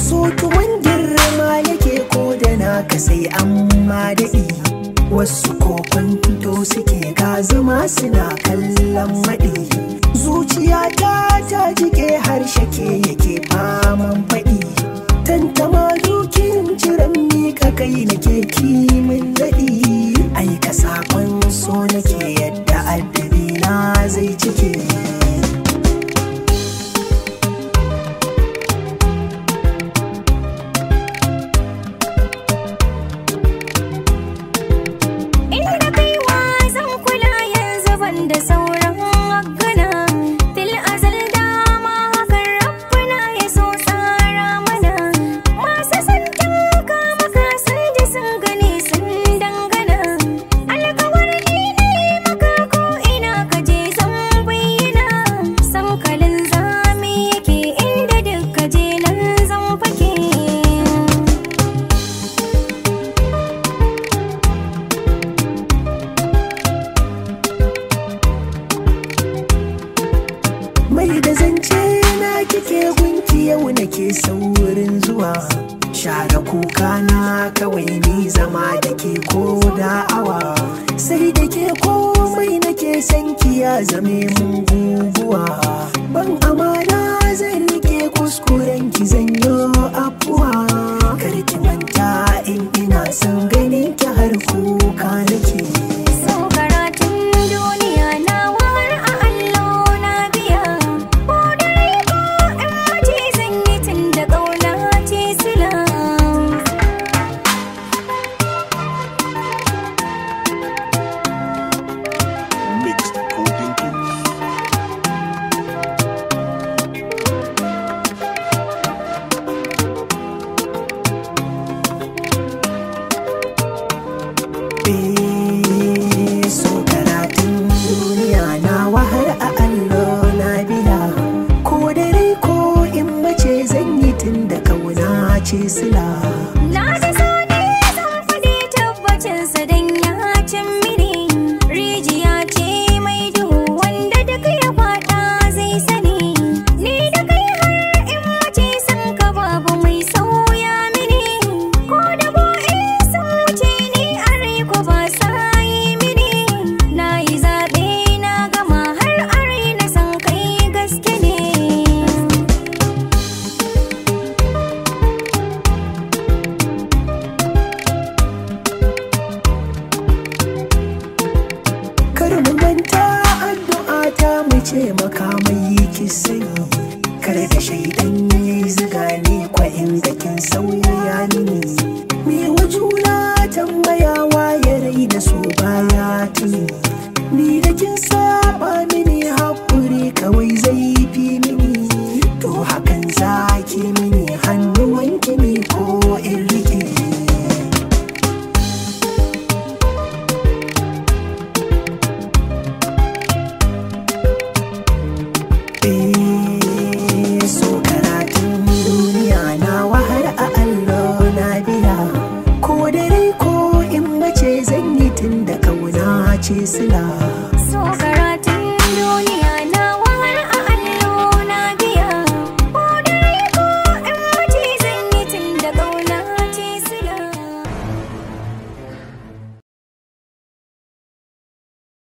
soki tuwon rama yake ko da naka sai amma daɗi wasu to suke ga zama suna kallon maɗi zuciya ta ta jike har shake yake faman faɗi mai da zance na kike gunki yau nake saurin zuwa share kuka na kawai ni zama da ke ko da awa sai da ke komai nake san ki ya zame mun guguwa ban amana zan rike kuskuren rabbi karatun duniya na wa har a allo na biya ko dare ko in mace zan yi tun da kauna ce sila ce makamai ki sani kar da shaidan yayi zuga ni kwa kin sauya ni chase love.